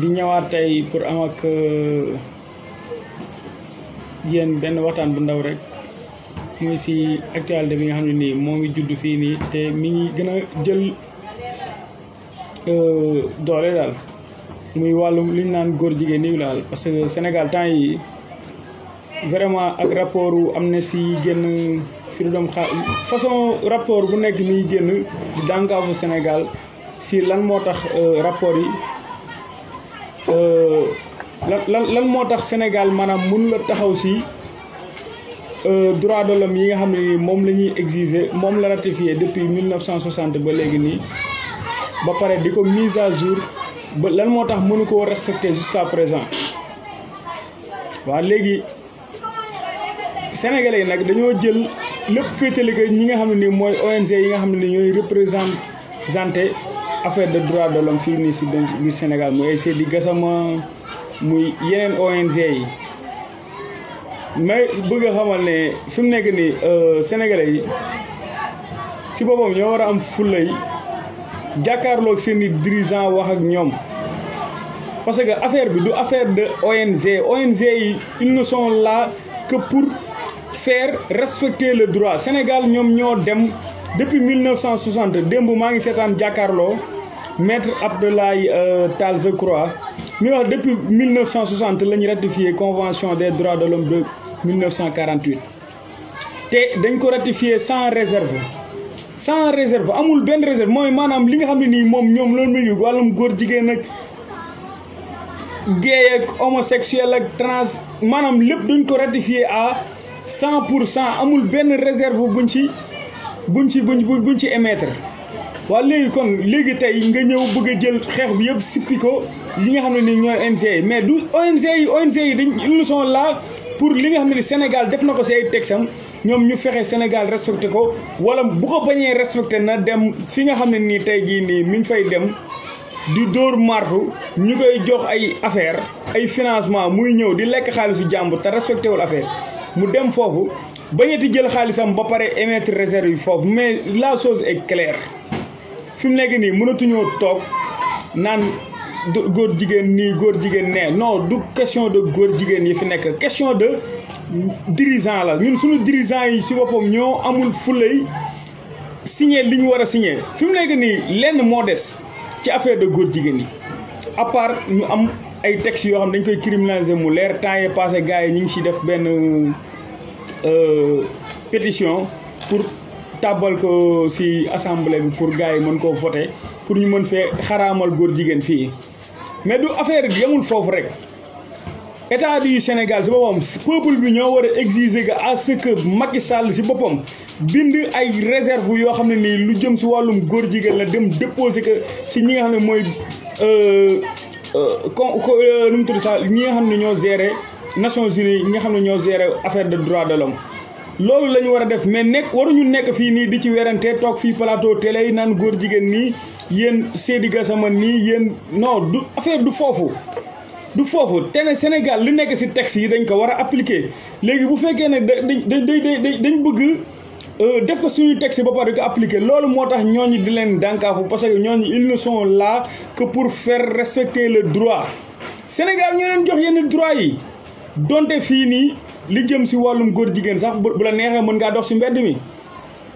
di ñëwaat tey pour am ak euh, yéen benn waxtaan bu ndaw rek muy si actualité bi nga xam ne nii moo ngi juddu fii nii te mi ngi gën a jël euh, doole daal muy wàllu li naan góor jigéen nii daal parce que Sénégal temps yi vraiment ak rapport am na si génn Freedom House façon rapport bu nekk nii génn dànkaafu Sénégal si lan moo tax euh, rapport yi Euh, lan lan lan moo tax Sénégal maanaam mun la taxaw si euh, droit de l'homme yi nga xam ne nii moom la ñuy exiger moom la ratifié depuis 1960 ba léegi nii ba pare di ko mise à jour ba lan moo tax mënu koo respecté jusqu'à présent waaw léegi sénégalais yi nag dañoo jël lépp féetale ñi nga xam ne nii mooy ONG yi nga xam ne nii ñooy représenté. affaire de droit de l'homme fii nii si biir Sénégal mu ay Seydi Gassama muy yeneen ONG yi mais bëgg xamal ne fi nekk nii euh, sénégalais yi si boppam ñoo war a am fulla yi jàkkaarloog seen i wax ak ñoom parce que affaire bi du affaire de ONG ONG yi ils ne sont là que pour faire respecter le droit Sénégal ñoom ñoo dem depuis démb maa ngi seetaan jàkkaarloo maître Abdoulaye euh, Tall je crois mi wax depuis 1960 la ñu ratifié convention des droits de l'homme de 1948 te dañ ko ratifié cent réserve sans réserve amul benn réserve mooy maanaam li nga xam ne nii moom ñoom loolu nuñu wàllum góor jigéen ak gay ak homosexuel ak trans maanaam lépp duñ ko ratifié à cent pour cent amul benn réserve buñ ci buñ ci buñ buñ ci émettre waa léegi kon léegi tey nga ñëw bëgg a jël xeex bi yëpp sippi ko li nga xam ne ni ñooy ONG mais du ONG yi ONG yi dañ ils sont pour li nga xam ne ni Sénégal def na ko si ay texam ñoom ñu fexe Sénégal respecté ko wala bu ko bañee respecté na dem fi nga xam ne nii tey jii nii mi fay dem di dóor martu ñu koy jox ay affaire ay financement muy ñëw di lekk xaalisu jàmbur te respecté wul affaire mu dem foofu bañeti jël xaalisam ba pare émettre réserve yi foofu mais la chose est claire fi mu nii mënatuñoo toog naan góor jigéen nii góor jigéen nee non du question de góor jigéen yi fi nekk question de dirigeant la ñun suñu dirigeant yi si boppam ñoo amul fulay signé li ñu war a signé fi nekk nii lenn moo des ci affaire de góor jigéen yi à part ñu am ay textes yoo xam ne dañ koy criminaliser mu leer temps yee passé gars yi ñu ngi si def benn euh, pétition pour tàbbal ko si assemblée bi pour gars yi mën koo voter pour ñu mën fee xaraamal góor jigéen fii mais du affaire yamul foofu rek état du Sénégal si boppam peuple bi ñoo war a exiger que à ce sàll Macky si boppam bind ay réserve yoo xam ne nii lu jëm si wàllum góor jigéen la dem déposer que si ñi nga xam ne mooy euh, euh, con euh, nu mu tudd sax ñi nga xam ne ñoo gérer Nations Unies ñi nga xam ne ñoo gérer affaire de droit de l'homme loolu la ñu war a def mais nekk waruñu nekk fii nii di ci werante toog fii plateau télé yi naan góor jigéen nii yéen Seydi Gassama nii yéen non du affaire du foofu du foofu te ne Sénégal li nekk si texte yi dañ ko war a appliquer léegi bu fekkee ne dañ dañ dañ bëgg euh, def ko suñu texte ba pare di ko appliquer loolu moo tax ñooñu di leen dànkaafu parce que ñooñu ils ne sont là que pour faire respecter le droit Sénégal ñoo leen jox yenn droit yi donte fii nii. li jëm si wàllum góor jigéen sax bu la neexee mën ngaa dox si mbedd mi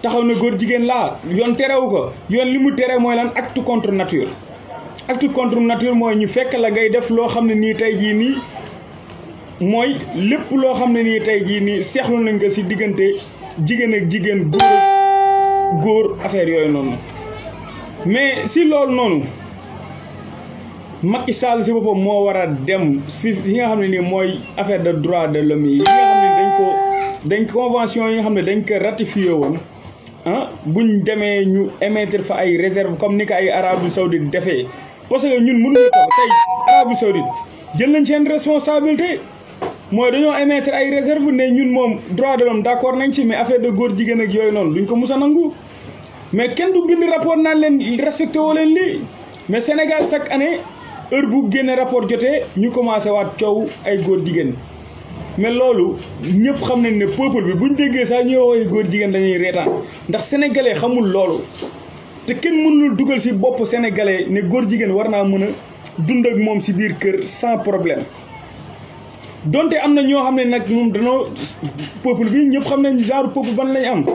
taxaw na góor jigéen laa yoon terewu ko yoon li mu tere mooy lan acte contre nature acte contre nature mooy ñu fekk la ngay def loo xam ne nii tey jii nii mooy lépp loo xam ne nii tey jii nii seexlu nañ ko si diggante jigéen ak jigéen góor góor affaire yooyu noonu mais si loolu noonu Macky Sall si boppam moo war dem fi fi nga xam ne nii mooy affaire de droit de l'homme yi. yi nga xam dañ ko dañ convention yi nga xam ne dañ ko ratifié woon ah ñu demee ñu émettre fa ay réserve comme ni ko ay Arabie Saoudite defee parce que ñun mënuñu ko tey Arabie Saoudite jël nañ seen responsabilité. mooy dañoo émettre ay réserve ne ñun moom droit de l'homme d'accord nañ ci mais affaire de góor jigéen ak yooyu noonu duñ ko mus a nangu mais kenn du bind rapport naan leen respecté woo leen lii mais Sénégal chaque année heure bu génne rapport jotee ñu commencé waat coow ay góor jigéen mais loolu ñëpp xam nañ ne peuple bi buñ déggee saa ñuy wax ay góor jigéen dañuy reetaan ndax sénégalais xamul loolu te kenn mënul dugal si bopp sénégalais ne góor jigéen war naa mën a dund ak moom si biir kër sans problème doonte am na ñoo xam ne nag moom danoo peuple bi ñëpp xam nañ genre peuple ban lañ am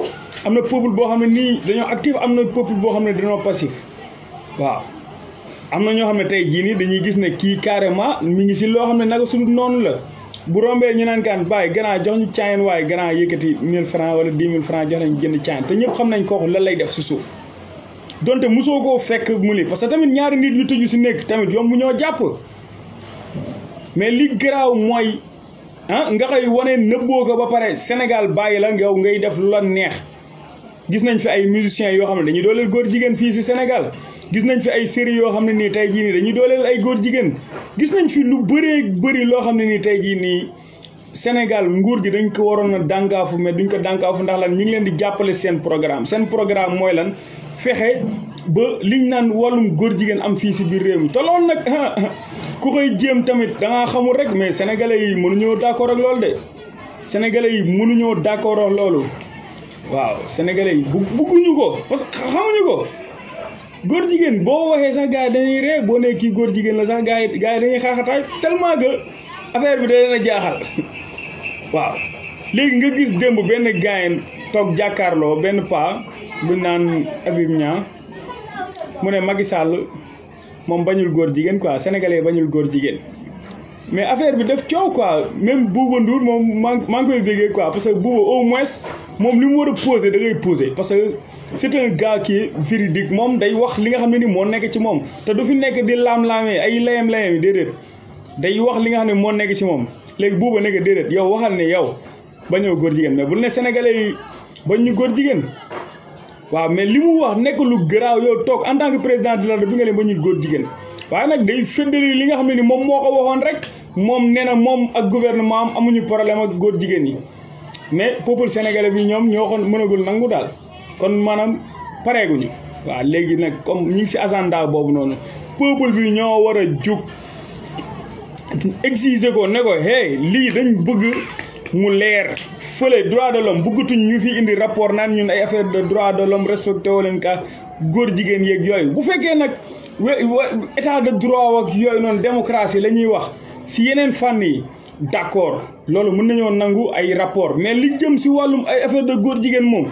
am na peuple boo xam ne nii dañoo actif am na peuple boo xam ne dañoo passif waaw am na ñoo xam ne tey jii nii dañuy gis ne kii carrément mi ngi si loo xam ne nag su noonu la bu rombee ñu naan kaan bàyyi gannaaw jox ñu caayin waaye gannaaw yëkkati 1000 francs wala 10 000 francs jox nañ jënd caayin te ñëpp xam nañ kooku lan lay def si suuf donte mosoo koo fekk mu li parce que tamit ñaari nit yu tëju si nekk tamit yomb ñoo jàpp mais li garaaw mooy ah nga koy wane nëbboo ko ba pare Sénégal bàyyi la ngaw ngay def lu neex gis nañ fi ay musiciens yoo xam ne dañuy dooleel góor jigéen fii si Sénégal gis nañ fi ay série yoo xam ne nii tey jii nii dañuy dooleel ay góor jigéen gis nañ fi lu bëree bëri loo xam ne nii tey jii nii senegal nguur gi dañ ko waroon a dànkaafu mais duñ ko dànkaafu ndax lan ñu ngi leen di jàppale seen programme seen programme mooy lan fexe ba liñ naan wàllum góor jigéen am fii si biir réew mi te loolu nag ku koy jéem tamit dangaa xamul rek mais sénégalais yi mënuñoo d'accord ak loolu de sénégalais yi mënuñoo d'accord ak loolu waaw sénégalais yi ko parce góor jigéen boo waxee sax gars yi dañuy ree boo nee kii góor jigéen la sax gars yi gars yi dañuy xaaxataay tellement que affaire bi da leen a jaaxal waaw léegi nga gis démb benn gaayen toog jàkkaarloo benn paa buñ naan Habib Niang mu ne Macky Sall moom bañul góor jigéen quoi sénégalais bañul góor jigéen mais affaire bi def coow quoi même Bouba Ndour moom maa maa ngi koy déggee quoi parce que Bouba au moins moom li mu war a posé da ngay posé parce que c' est un gars qui est véridique moom day wax li xam ne ni moo nekk ci moom te du fi nekk di laam-laamee ay layam-layam yi déedéet wax li nga xam ne moo nekk ci moom léegi Bouba nekk déedéet yow waxal ne yow bañoo góor jigéen mais bu ne Sénégalais yi bañ ñu góor jigéen waaw mais li mu wax nekk garaaw yow toog en tant que président de góor jigéen waaye nag day féddali li nga xam ne ni moom moo ko waxoon rek moom nee na moom ak guvernement am amuñu problème ak góor jigéen yi mais peuple sénégalais bi ñoom ñoo xoon mënagul nangu daal kon maanaam pareeguñu waaw léegi nag comme ñu ngi si agenda boobu noonu peuple bi ñoo war a jóg exiger ko ne ko hey lii dañ bëgg mu leer fële droit de l'homme bëggatuñ ñu fi indi rapport naan ñun ay affaire de droit de l'homme respecté woo leen ka góor jigéen yeeg yooyu bu fekkee nag état de droit ak yooyu noonu démocratie la ñuy wax si yeneen fànn yi d'accord loolu mën nañoo nangu ay rapport mais li jëm si wàllum ay affaire de góor jigéen moom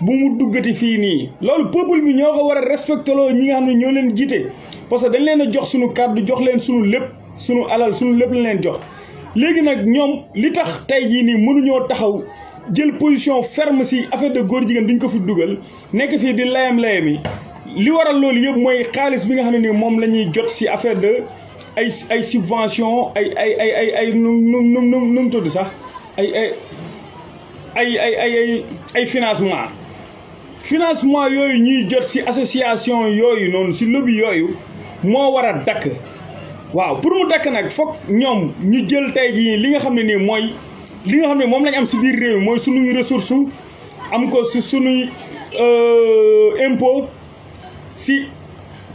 bu mu duggati fii nii loolu peuple bi ñoo ko war a respecté loo ñi nga xam ne ñoo leen jiite parce que dañ leen a jox suñu kàddu jox leen suñu lépp suñu alal suñu lépp leen jox léegi nag ñoom li tax tey jii nii mënuñoo taxaw jël position ferm si affaire de góor jigéen duñ ko fi dugal nekk fii di layam layam yi li waral loolu yëpp mooy xaalis bi nga xam ne nii moom la ñuy jot si affaire de ay ay subvention ay ay ay ay ay nu mu nu mu sax ay ay ay ay ay financement financement yooyu ñuy jot si association yooyu noonu si lobby yooyu moo war a dakk waaw pour mu dakk nag foog ñoom ñu jël tey jii li nga xam ne nii mooy li nga xam ne moom lañ am si biir réew mooy suñuy ressource am ko si suñuy euh, impôt si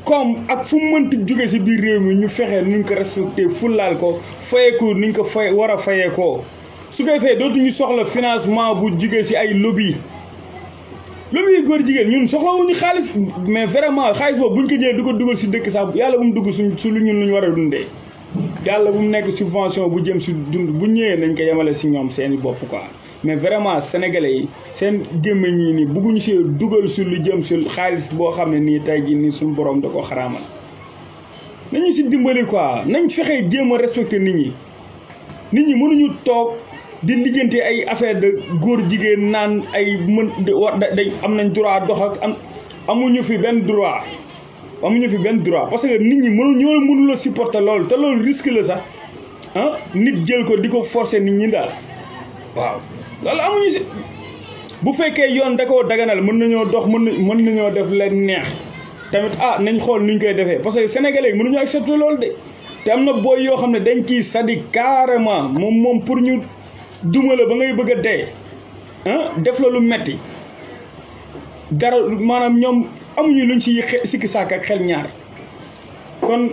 comme ak fu mu mënti jóge si biir réew mi ñu fexe nuñ ko respecté fullaal ko fayeeku niñ ko fay war a fayee koo su koy fee dootuñu soxla financement bu jóge si ay lobby lobby góor jigéen ñun wu soxlawuñu xaalis mais vraiment xaalis boobu buñ ko jëlee du ko dugal si dëkk sax yàlla bu mu dugg suñ su lu ñun lu ñu war a dundee yàlla bu mu nekk subvention bu jëm si dund bu ñëwee nañ ko yemale si ñoom seeni bopp quoi mais vraiment sénégalais yi seen gémmiñ yi nii bugguñu see dugal si lu jëm su xaalis boo xam ne nii tey jii nii suñu borom da ko xaraamal nañu si dimbali quoi nañ fexe jéem a respecté nit ñi nit ñi mënuñu toog di lijjanti ay affaire de góor jigéen naan ay mën am nañ droit dox ak am amuñu fi benn droit amuñu fi benn droit parce que nit mënu ñoo mënu la loolu te loolu risque la sax ah nit jël ko di ko forcer nit ñi daal waaw loolu amuñu si bu fekkee yoon da koo daganal mën nañoo dox mën mën nañoo def leen neex tamit ah nañ xool nuñ koy defee parce que sénégalais yi mënuñu accepter loolu de te am na booy yoo xam ne dañ ciy sadik carrément moom moom pour ñu duma la bëgg a dee def la lu metti maanaam ñoom amuñu luñ ci sikki sàkk ak xel ñaar kon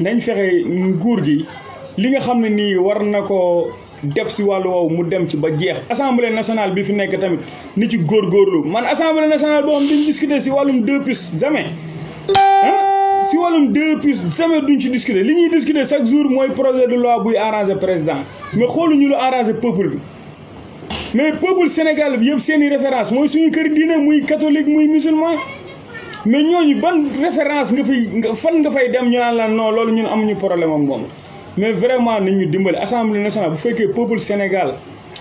nañ fexe nguur gi li nga xam ne nii war na ko def si wàllu woowu mu dem ci ba jeex assemblée nationale bi fi nekk tamit ni ci góor góorgóorlu man assemblée nationale boo xam duñ discuter si wàllum deux puces jamais ah si wàllum deux puces jamais duñ ci discuter li ñuy discuter chaque jour mooy projet de loi buy arranger président mais xooluñu lu arranger peuple bi mais peuple Sénégal bi yëpp seen i référence mooy suñu kër diine muy catholique muy musulman mais ñooñu ban référence nga fay fan nga fay dem ñu naan la loolu ñun amuñu problème am moom mais vraiment nañ ñu dimbali assemblée nationale bu fekkee peuple Sénégal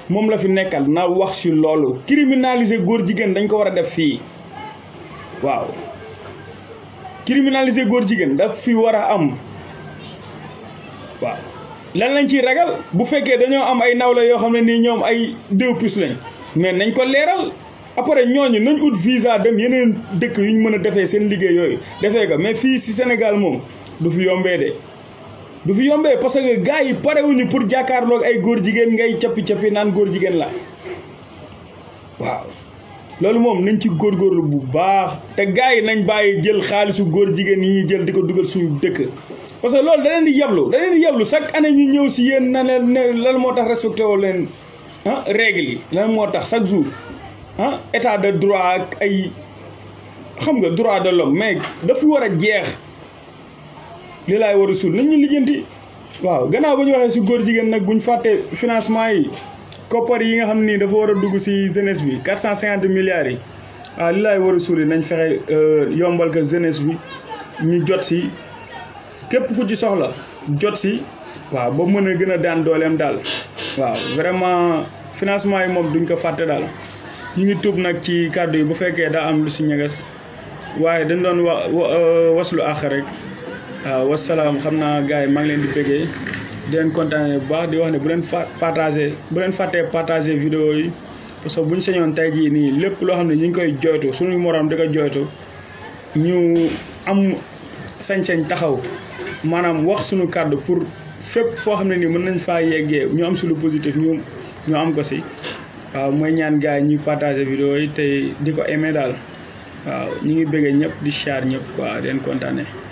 moom la fi nekkal na wax si loolu. criminaliser góor jigéen dañ ko war a def fii waaw criminaliser góor jigéen daf fi war a am waaw lan lañ ciy ragal bu fekkee dañoo am ay nawle yoo xam ne nii ñoom ay deux plus lañ mais nañ ko leeral. après ñooñu nañ ut visa dem yeneen dëkk yu ñu mën a defee seen liggéey yooyu defee ko mais fii si Sénégal moom du fi yombee de. du fi yombee parce que gars yi parewuñu pour jàkkaarloog ay góor jigéen ngay cappi cappi naan góor jigéen la waaw loolu moom nañ ci góorgóorlu bu baax te gars yi nañ bàyyi jël xaalisu góor jigéen yi jël di ko dugal suñu dëkk. parce que loolu da di yablu da leen di yablu chaque année ñu ñëw si yéen na leen ne lan moo tax respecté woo leen ah règle yi lan moo tax chaque jour ah, état de droit ak ay xam nga droit de l'homme mais dafa war a jeex. li laay war a suul nañ ñu lijjanti waaw gannaaw ba ñu waxee si góor jigéen nag bu ñu fàttee financement yi koppar yi nga xam ni dafa war a dugg si jeunesse bi quatre cent cinquante milliards yi waaw li laay war a nañ fexe euh, yombal ko jeunesse bi ñu jot si képp ku ci soxla jot si waaw ba mën a gën a daan dooleem daal waaw vraiment financement yi moom duñ ko fàtte daal ñu ngi tuub nag ci kàddu yi bu fekkee daa am lu si ñeges waaye dañ doon wa euh, waslu àq rek waaw wasalaam xam naa gars yi maa ngi leen di bëggee di leen bu baax di wax ne bu leen fa partagé bu leen fàttee partagé vidéo yi parce que bu ñu señoon tey jii nii lépp loo xam ne ñu ngi koy jooytu suñu moroom di ko jooytu ñu am sañ-sañ taxaw maanaam wax suñu kàddu pour fépp foo xam ne nii mën nañ faa yeggee ñu am si lu positif ñu ñu am ko si waaw mooy ñaan gars yi ñuy partagé vidéo yi tey di ko aimé daal waaw ñu ngi bëggee ñëpp di share ñëpp waaw di kontaane